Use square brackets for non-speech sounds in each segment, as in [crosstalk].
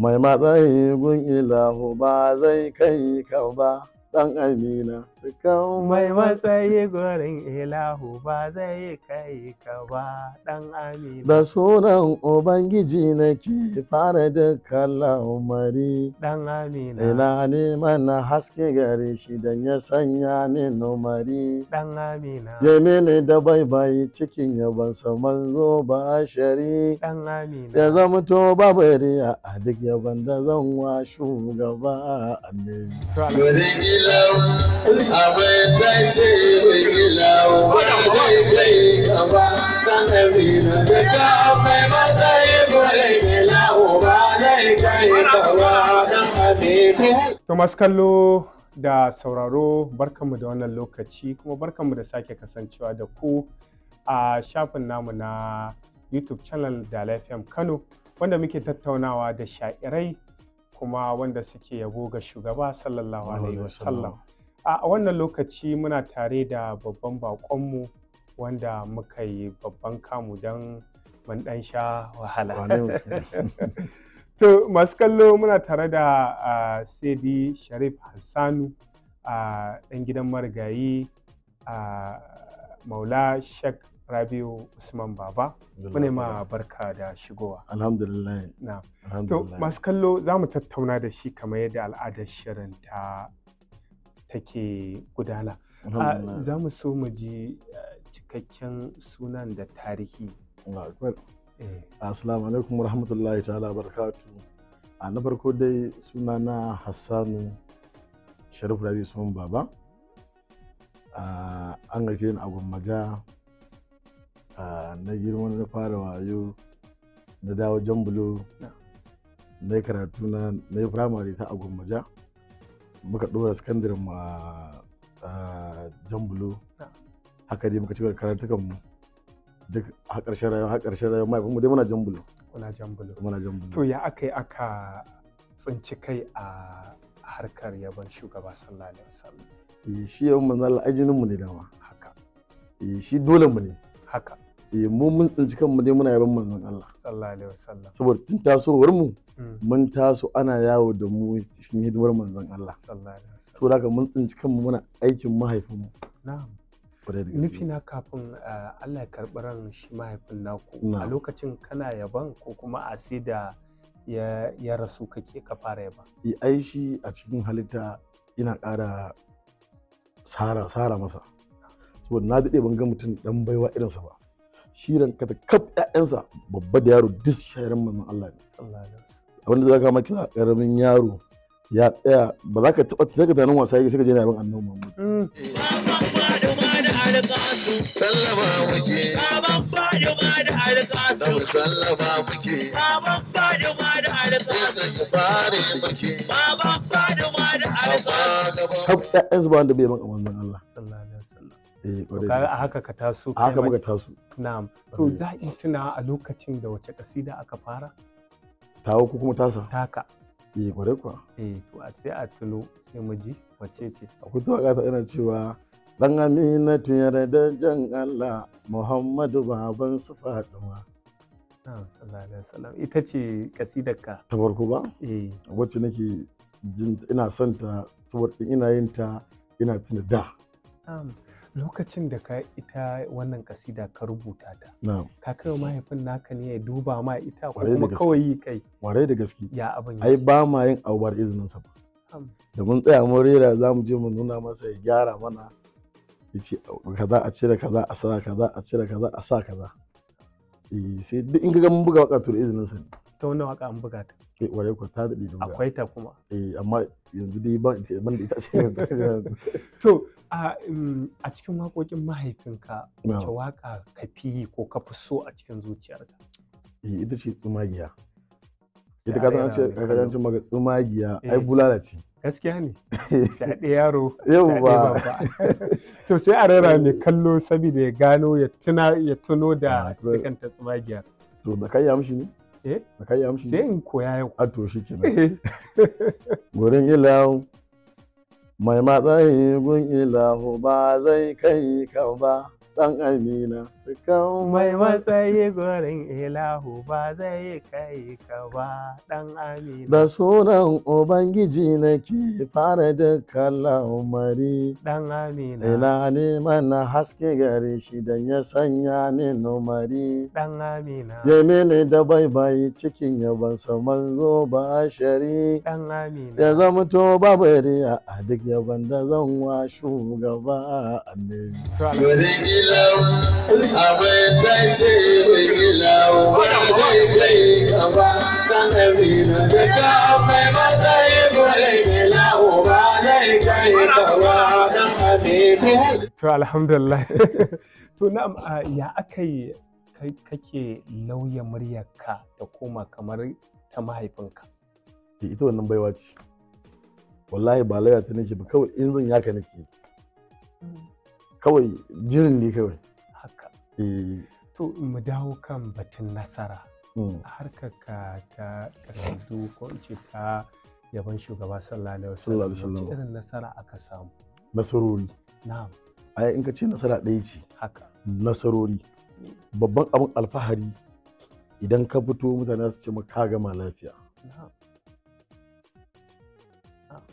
mai matsayi gun ilahu ba zai kai ka ba ɗan amina mai matsayi gurin ilahu ba zai kai ka ba ɗan amina da sunan ubangiji nake fara dukkan la'umari ɗan amina ina neman na haske gare shi don ya sanya ni numari ɗan amina ya mene da baibayi cikin yabansa manzo ba shari ɗan amina ya zamto babu riya a duk yaban da zan wa shugaba annabi lawo ta ce bai yi ba zai kai kan na da ka mai yi ba zai kai kan to kallo da sauraro barkanmu da wannan lokaci kuma barkanmu da sake kasancewa da ku a shafin namu na youtube channel da fm kano wanda muke tattaunawa da sha'irai kuma wanda suke yabo ga shugaba sallallahu alaihi wasallam a wannan lokaci muna tare da babban bakonmu wanda muka yi babban kamu don mun dan sha wahala [laughs] to masu kallo muna tare da sedi sharif hassanu a Dan gidan marigayi a maula shek Rabiu Usman Baba. Mune ma barka da shigowa. Alhamdulillah. Na. To masu kallo za mu tattauna da shi kamar yadda al'adar shirin ta take gudana. Za mu so mu ji eh, cikakken sunan da tarihi. Eh. Assalamu alaikum warahmatullahi ta'ala barakatu. A na farko dai suna na Hassanu Sharif Rabi Usman Baba. An haife ni a Gwammaja na girman na fara wayo na dawo jan bulo na yi karatu na na yi firamare ta agwammaja muka ɗora sakandaren ma jan bulo haka dai muka ci karatukan mu duk har ƙarshen rayuwa har ƙarshen rayuwa mai kuma dai muna jan bulo muna jan bulo muna jan bulo to ya aka yi aka tsinci kai a harkar yaban shugaba sallallahu alaihi wasallam eh, shi yawan manzala ajinin mu ne dama haka eh, shi dole mu ne haka Eh, mu mun tsinci kanmu dai muna yaban manzon Allah sallallahu alaihi wasallam saboda tun tasowar mu hmm. mun taso ana yawo da mu cikin hidimar manzon Allah sallallahu alaihi wasallam saboda haka mun tsinci kanmu muna aikin mahaifin mu na'am nufi na kafin eh, Allah ya karɓi ran shi mahaifin naku a lokacin kana yaban ko kuma a sai da ya rasu kake ka fara yaba eh, ai aishi a cikin halitta ina ƙara sara masa saboda na daɗe ban ga mutum ɗan baiwa irinsa ba shiran ka kaf ƴaƴansa babba da yaro duk shayaran manzon Allah ne abin da zaka maki karamin yaro ya tsaya ba za ka taɓa ta saka tunanin wasa yake saka je na yabon annabi Muhammad mm. sallama muke da mu sallama muke fare muke kaf ƴaƴansa ba wanda ba yaban da Allah Eh, kaga a haka ka taso a haka muka taso na'am to za in tuna a lokacin da wace kasida aka fara tawo ko kuma tasa taka eh kwarai kuwa eh to a sai a tuno sai mu ji wace ce akwai zuwa gata ina cewa dan aminatu yarda jan Allah Muhammadu baban su Fatima ita ce kasidarka ta farko ba eh. wacce nake jin ina son ta saboda ina yin ta ina tuna da lokacin da ka ita wannan kasida ka rubuta ta ka kai mahaifin naka ne ya duba ma ita ko kuma kawai yi kai ware da gaske ya abin ai ba ma yin aubar izinin sa da mun tsaya mun rera za mu je mu nuna masa ya gyara mana ya ce kaza a cire kaza a sa kaza a cire kaza a sa kaza eh, sai duk in ga mun buga waka da izinin sa ne ta wani waka an buga ta eh ware ku ta dade da akwai ta kuma eh amma yanzu dai ba ban da ita ce [laughs] to mm, a cikin waƙoƙin mahaifinka wace waka ka fi ko ka fi so a cikin zuciyarka eh ita ce tsumagiya ita ka zance ka zance maka tsumagiya ai eh. bulala ce gaskiya ne Daɗe [laughs] yaro ba. [laughs] to sai a rera mai eh. kallo sabida ya gano ya tuno da ah, kanta tsumagiyar to da kai ya mishi ne eh ka yi amshi sai in koya yau a to shi kenan eh. gurin [laughs] ilahu mai matsayi gun ilahu ba zai kai ka ba dan amina kan mai matsayi gurin ilahu ba zai kai ka ba dan amina da sunan ubangiji nake fara dukkan la'umari dan amina ina neman na haske gare shi dan ya sanya min numari dan amina ya mini da baibayi cikin saman manzo ba shari dan amina ya zama to babu a duk yaban da zan wa shugaba annabi lawo amai ta ce bai yi lawo ba zai kai gaba kan amina da ka amai matsayi bai yi lawo ba zai kai gaba kan amina. To alhamdulillah. [laughs] To na'am ya aka yi kake lauya muryarka ta koma kamar ta mahaifinka. Eh, ita wannan baiwa ce. Wallahi ba lauya ta nake ba kawai in zan yaka nake. kawai jirin ne kawai haka eh. to mu dawo kan batun nasara hmm. a harkar ka ta kasantu ko ce ta yaban shugaba sallallahu alaihi wasallam irin nasara aka samu nasarori na'am ai in ka ce nasara ɗaya ce haka nasarori babban abin alfahari idan ka fito mutane su ce maka ka gama lafiya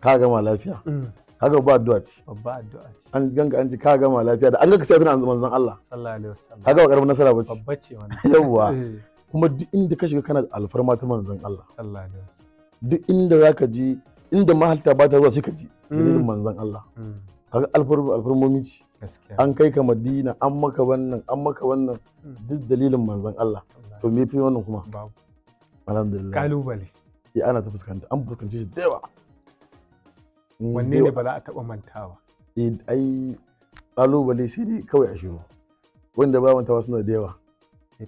ka gama lafiya mm. Haka ba addu'a ce babba addu'a ce an ganga an ji ka gama lafiya da an ganka sai an manzon Allah sallallahu alaihi wasallam Haka ba karamin nasara bace babba ce wannan [laughs] yawa eh. kuma duk inda ka shiga kana alfarma ta manzon Allah sallallahu alaihi wasallam duk inda zaka ji inda mahalta ba ta zuwa sai ka ji mm. irin manzon Allah mm. kaga alfarmomi ce an kai ka madina an maka wannan an maka wannan mm. duk dalilin manzon Allah to me fi wannan kuma babu alhamdulillah kalubale ya ana ta fuskanta an fuskanci shi da yawa Mm, wanne ne ba za a taɓa mantawa eh, ai ƙalubale sai dai kawai a shiru wanda ba mantawa suna da yawa eh,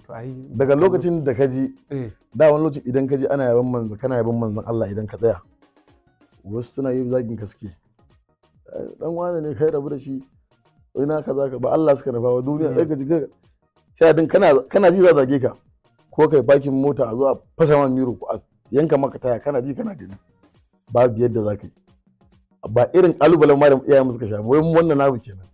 daga lokacin da ka ji eh. da wani lokacin idan ka ana yaban manzan kana yaban manzan Allah idan ka tsaya wasu suna yi zagin ka suke dan wane ne kai rabu da shi ina kaza ka ba Allah suka nufa wa duniya mm. sai ka ji sai din kana kana ji za zage ka ko kai bakin mota a zuwa fasa ma miro ko a yanka maka taya kana ji kana gani babu yadda za ka yi ba irin kalubalen ma da iyayen suka sha wai wannan namu kenan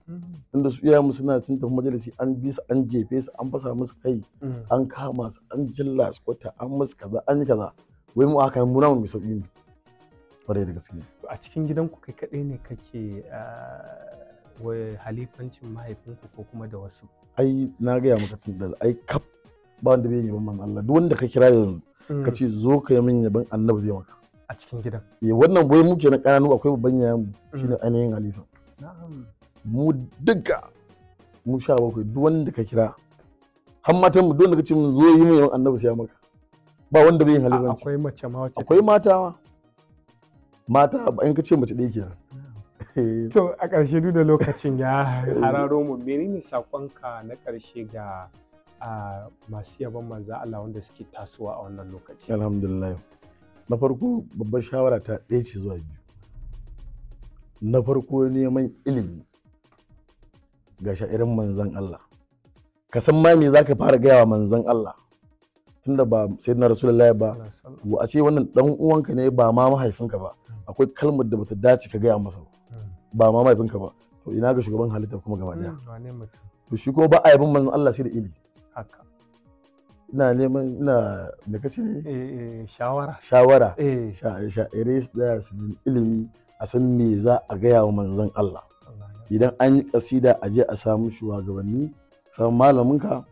inda mm. su iyayen suna sun tafi majalisi an bi su an jefe su an fasa musu kai mm. an kama su an jilla su kwata an musu kaza an yi kaza wai mu aka mu mai sauki ne kwarai da gaske a cikin gidan ku kai kaɗai ne kake ah, halifancin mahaifinku ko kuma da wasu ai na ya maka tun da ai kaf ba wanda bai yi ban Allah duk wanda ka kira yanzu ka mm. ce zo ka yi min yaban annabi zai maka a cikin gidan eh, wannan boye muke na ƙananu akwai babban yayan shi shine mm. ainihin halifa mu duka mu sha bakwai duk wanda ka kira har matan mu don da ce mun zo yi mu yawan annabi sai maka ba wanda bai yin Halifa. akwai mace ma wace akwai mata ma mata in ka ce mace ɗaya kenan [laughs] eh. To a ƙarshe duk da lokacin ya [laughs] eh. hararo mu menene sakonka na ƙarshe ga ah, masu yabon manza Allah wanda suke tasowa a wannan lokaci. Alhamdulillah. na farko babbar shawara ta ɗaya ce zuwa biyu na farko neman ilimi ga sha'irin manzan Allah ka san ma me zaka fara gaya wa manzan Allah tunda ba sai na rasulullahi ba wa a ce wannan dan uwanka ne ba ma mahaifinka ba hmm. akwai kalmar da bata dace ka gaya masa hmm. ba ma mahaifinka ba to ina ga shugaban halitta kuma gaba daya hmm, to shi ko ba a yabin manzan Allah sai da ilimi haka ina neman ina da kace ne eh, eh, shawara shawara eh. sha'ire da sanin ilimi a san me za a gaya wa manzon Allah idan an yi kasida a je a samu shugabanni samu malamin ka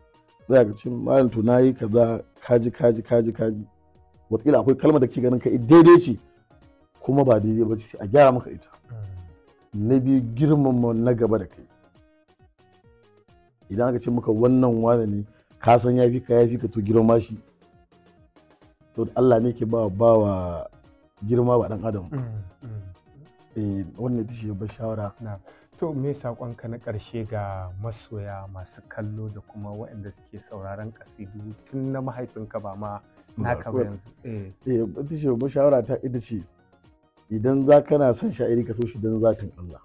za ka ce malam to nayi kaza kaji kaji kaji kaji wataƙila akwai kalmar da ke ganin ka daidai ce kuma ba daidai ba ce a gyara maka ita hmm. na biyu girmama na gaba da kai idan aka ce maka wannan wane ne ka san ya fi ka ya fi ka to girma shi to Allah ne ke ba wa girma ba dan adam mm, mm. eh wannan ita ce ba shawara to me ka na ƙarshe ga masoya masu kallo da kuma waɗanda suke sauraron kasidu tun na mahaifinka ba ma naka ba yanzu eh. eh ita ce ba shawara ta ita ce idan za kana son sha'iri ka so shi don zatin Allah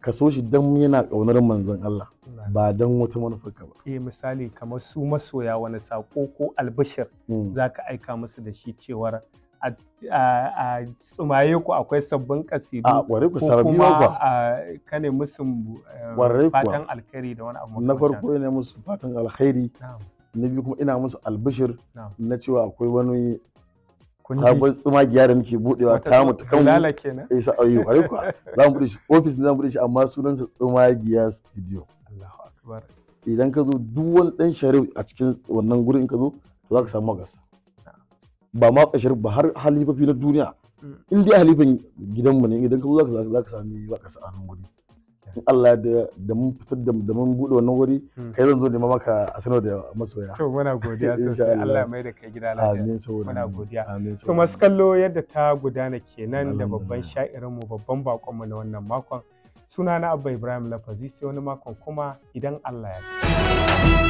ka so shi don yana ƙaunar manzon Allah ba don wata manufarka ba eh misali kamar su masoya wani sako ko albishir hmm. ka aika musu da shi cewar a tsumaye ku akwai sabbin kasidu a ware ku sababbi ba ka kane musu eh, fatan alkhairi da wani abu na farko ne musu fatan alkhairi na biyu kuma ina musu albishir na cewa akwai wani sabon tsumagiya da muke budewa ta mu ta kanmu eh sa eh, ayyuka [laughs] za mu bude shi office ne za mu bude shi amma sunansa tsumagiya studio idan ka zo duwan dan sharif a cikin wannan gurin ka zo za ka samu magasa ba ma sharif ba har halifafi na duniya mm. in dai halifan gidanmu ne idan ka zo za ka sami magasa a nan guri in Allah da mun fitar da mun bude wannan guri, mm. kai zan zo nema maka a sanar da masoya to muna godiya [laughs] sosai Allah mai da kai gida lafiya amin saboda muna godiya amin saboda kallo yadda ta gudana kenan da babban sha'irin mu babban bakon mu na wannan makon Sunana Abba Ibrahim Lafazi sai wani makon kuma idan Allah ya